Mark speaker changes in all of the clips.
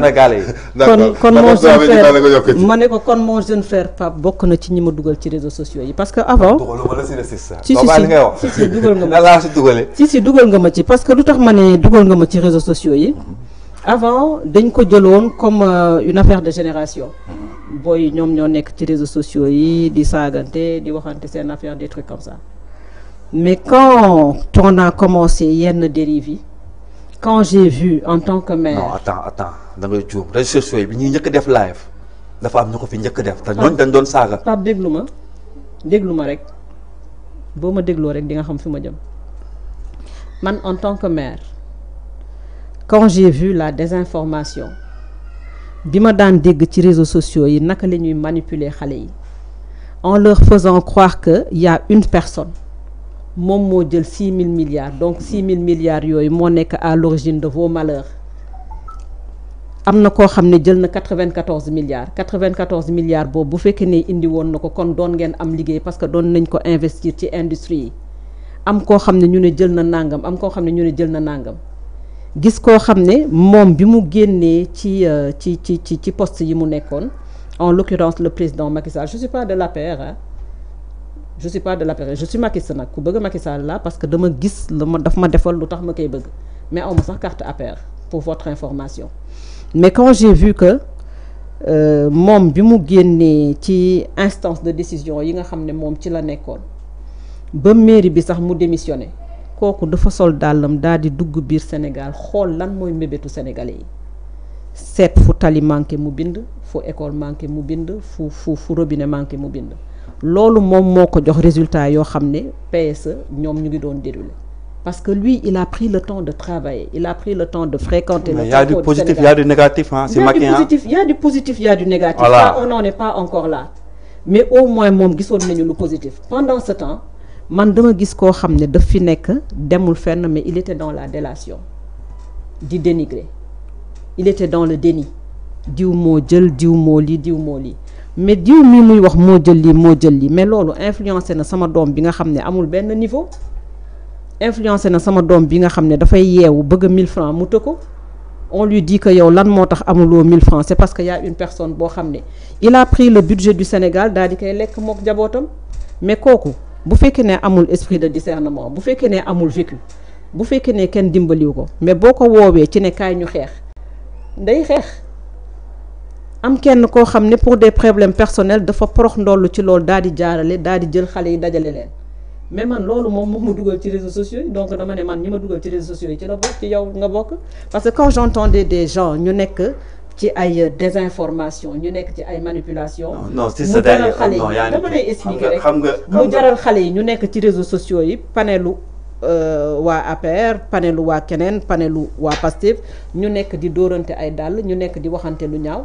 Speaker 1: Sénégalais yi. kon kon mon jeune frère
Speaker 2: ma ne ko kon mon jeune frère Pape bokk na ci ñi ma ci réseaux sociaux yi parce que avant.
Speaker 1: dugaluma si si si si nga si si
Speaker 2: dugal nga ci parce que lu tax ma ne dugal nga ma ci réseaux sociaux yi. avant dañ ko jëloon comme euh, une affaire de génération booy ñoom ñoo nekk ci réseaux sociaux yi di saagante di waxante seen affaire des trucs comme ça mais quand on a commencé yenn dérives yi quand j'ai vu en tant que mère... non
Speaker 1: attends attends da ngay les réseaux sociaux ils ñuy que def live dafa am ñu ko fi njëkk def te T'as dañ doon saaga. ça.
Speaker 2: Pas ma déglu ma rek boo ma dégloo rek di nga xam fi jëm man en tant que mère, quand j'ai vu la désinformation bi ma daan dégg ci réseaux sociaux yi naka que ñuy manipuler les yi en leur faisant croire qu'il y a une personne moom moo jël six milliards donc six mille milliards yoy, moo nek à l'origine de vos malheurs am na koo xam jël na 94 milliards 94 milliards boobu bu fekk ne indi woon na ko kon doon ngeen am liggéey parce que doon nañ ko investir ci industrie am ko xam ñu ne jël na nangam am ko xam ñu ne jël na nangam gis ko xam mom bi mu génné euh, ci ci ci ci poste yi mu nekkoon en l'occurrence le président Macky Sall je suis pas de la hein? je suis pas de la période je suis Macky Sall nag ku bëgg Macky Sall la parce que dama gis la ma daf ma defal lutax tax ma bëgg mais awma sax carte APR pour votre information mais quand j'ai vu que euh, mom bi mu génnee ci instance de décision yi nga xamné mom ci la nékkone ba mairie bi sax mu démissionné kooku dafa sol dàllam daal di dugg biir Sénégal xol lan moy mbébétu sénégalais C'est faut fu tali manqué mu bind fu école manqué mu bind fu fu fu robinet manqué mu bind loolu moom moo ko jox résultat yoo xam ne PSE ñoom ñu ngi doon parce que lui il a pris le temps de travailler il a pris le temps de fréquenter. le il y a du positif il y a du
Speaker 1: négatif c'est il
Speaker 2: y a du positif il y a du négatif. on n'en est pas encore là. mais au moins moom gisoon nañu lu positif pendant ce temps man dama gis koo xam ne daf fi nekk demul fenn mais il était dans la délation di dénigrer il était dans le déni diw moo jël diw moo lii diw moo lii mais diw mi muy wax moo jël lii moo jël lii mais loolu influencé na sama doom bi nga xam ne amul benn niveau influencé na sama doom bi nga xam ne dafay yeewu bëgg 1000 francs mu të on lui dit que yow lan moo tax amuloo 1000 francs c'est parce que y a une personne boo xam ne il a pris le budget du Sénégal daal di koy lekk mook jabootam mais kooku bu fekkee ne amul esprit de discernement bu fekkee ne amul vécu bu fekkee ne kenn dimbaliw ko mais boo ko woowee ci ne kaay ñu xeex day xeex am kenn koo xam ne pour des problèmes personnels dafa porox ndollu ci loolu daal di jaarale daal di jël xale yi dajale leen mais man loolu moom moom ma dugal ci réseaux sociaux yi donc dama ne man ñi ma dugal ci réseaux sociaux yi ci la bokk ci yow nga bokk parce que quand j'entendais des gens ñu nekk ci ay désinformation ñu nekk ci ay manipulation non c'est ça d'ailleurs dama lay expliquer rek xam nga mu jaral xale yi ñu nekk ci réseaux sociaux yi panelu euh, waa APR panelu waa keneen panelu waa Pastef ñu nekk di dóorante ay dàll ñu nekk di waxante lu ñaaw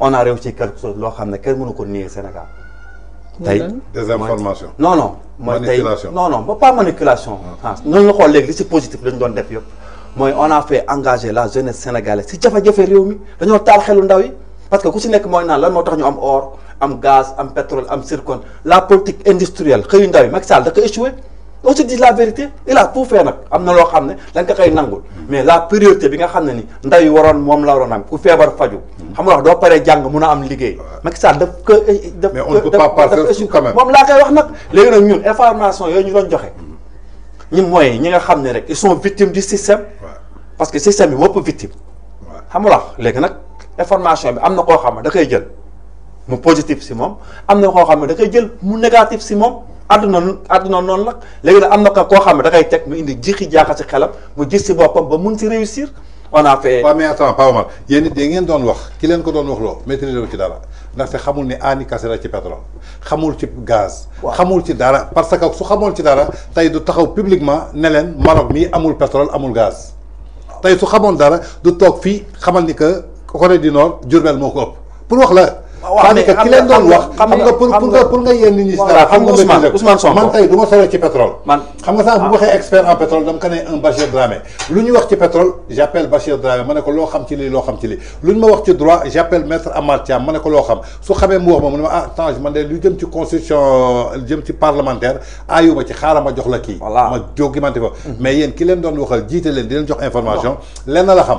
Speaker 1: on a réussi quelque chose loo xam ne kenn mënu ko nier Sénégal. tey non non
Speaker 2: Manipulation. non non pas
Speaker 1: manipulation. Non, ah. ah, noonu la xool léegi li positif lañ doon def yëpp. mooy on a fait engager la jeunesse sénégalaise si jafe-jafe réew mi dañoo taal xelu ndaw yi parce que ku si nekk mooy naan lan moo tax ñu am or am gaz am pétrole am zircon la politique industrielle xëyu ndaw yi Macky Sall da ko échoué. on se dit la vérité il a tout fait nag am na loo xam ne dañ nangul mm. mais la priorité bi nga xam ne ni ndaw yi waroon moom la waroon am ku feebar faju xam nga wax doo paree jàng mun a am liggéey. Macky Sall daf ko eh, eh, daf mais on ne moom laa koy wax nag léegi nag ñun information yooyu ñu doon joxe ñi mooy ñi nga xam ne rek ils son victimes di système. parce que système bi wëpp victime. xam nga léegi nag information bi am na koo xam ne da koy jël mu positif si moom am na koo xam ne da jël mu négatif si moom. àdduna àdduna noonu nag léegi nag am na koo xam ne da koy teg mu indi jiixi jaaxal si xelam mu gis si boppam ba mun si réussir. on a fait.
Speaker 3: waaw yéen it ngeen doon wax ki leen ko doon wax loo maîtriser wu ci dara ndaxte xamul ni aani kase la ci pétrole xamul ci gaz. xamul ci dara parce que su xamoon ci dara tey du taxaw publiquement ne leen Maroc mii amul pétrole amul gaz. tey su xamoon dara du toog fii xamal ni que Corée du Nord Diourbel moo ko ëpp pour wax la. waaw mais ki leen doon wax xam nga pour pour nga pour nga yéen nit ñi xam nga Ousmane Ousmane Sonko man tey du ma sore ci pétrole man xam nga sax bu waxee expert en pétrole dama ko ne un Bachir Dramé lu ñu wax ci pétrole j'appelle Bachir Dramé ma ne ko loo xam ci lii loo xam ci lii lu ñu ma wax ci droit j'appelle maître Amar Thiam ma ne ko loo xam su xamee mu wax ma mu ne ma ah Tange man de lu jëm ci constitution jëm ci parlementaire aayuma ci xaaral ma jox la kii ma jógimante fa mais yéen ki leen doon waxal jiite leen di leen jox information lenn la xam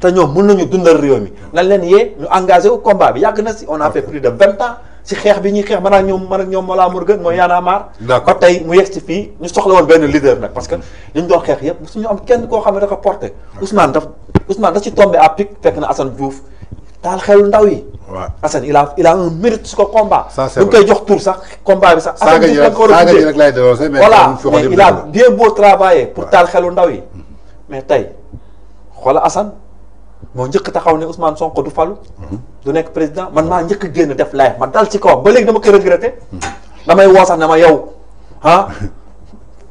Speaker 1: te ñoom mën nañu dundal réew mi nañ leen yee ñu engagé wu combat bi yàgg na si on a fait plus de vingt ans si xeex bi ñuy xeex man ak ñoom man ak ñoom Mollah Morgun mooy Y'en a marre tey mu yegg si fii ñu soxla woon benn leader nag parce que mm-hmm. li ñu doon xeex yëpp mosu ñu am kenn koo xam ne dafa porté Ousmane daf Ousmane daf si tombé à pic fekk na Assane Diouf daal xel ndaw yi waaw Assane il a il a un su ko combat buñ koy jox tour sax combat bi sax Assane
Speaker 3: voilà mais il a
Speaker 1: bien beau travailler pour xelu ndaw yi mm-hmm. mais tey xoola Assane moo njëkk taxaw ne Ousmane Sonko du falu du nekk président man maa njëkk génn def live ma dal ci kawam ba léegi dama koy regretté. damay woo sax na ma yow ah.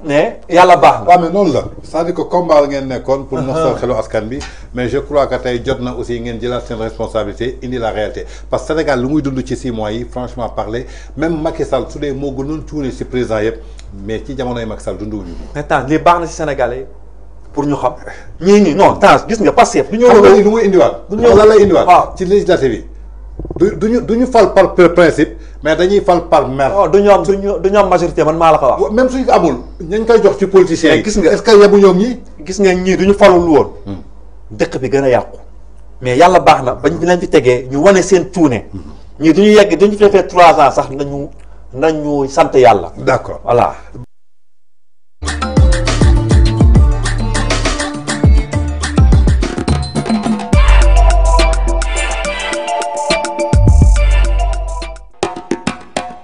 Speaker 1: mais yàlla baax na. waaw mais noonu la c'est-à-dire que combat ngeen
Speaker 3: nekkoon. pour mosal xelu askan bi. mais je crois que tey jot na aussi ngeen jëlaat seen responsabilité indi la réalité parce que Sénégal lu muy dund ci six mois yi franchement parler même Macky Sall su dee moo gënoon tuune si président yëpp mais ci jamonoy Macky Sall dundu wu
Speaker 1: tant lii na si Sénégalais.
Speaker 3: pour ñu xam ñii ñii non temps gis nga Pastef. du ñu lay lu muy indiwaat. du ñu lan lay indiwaat. waaw ci législative bi. du du ñu du ñu fal par principe mais dañuy fal par mer. waaw oh, du ñu am du ñu am majorité man maa
Speaker 1: la ko wax. même suñu amul ñañ koy jox ci politiciens yi. gis nga est-ce que yebu ñoom ñii. gis nga ñii du ñu falul woon. Hmm. dëkk bi gën a yàqu. mais yàlla baax na bañ leen fi tegee ñu wane seen tuune. Hmm. ñii du ñu yegg du ñu fi defee trois ans sax nañu nañu sant yàlla. d'accord voilà.